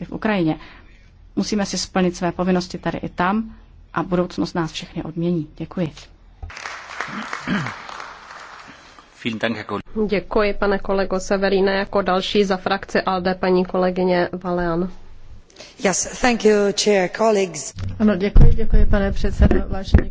konflikty v Ukrajině. Musíme si splnit své povinnosti tady i tam a budoucnost nás všechny odmění. Děkuji. Děkuji, pane kolego Severine. Jako další za frakci ALDE paní kolegyně Valean. Yes, thank you, chair, colleagues. Ano, děkuji, děkuji, pane předsedo, vážení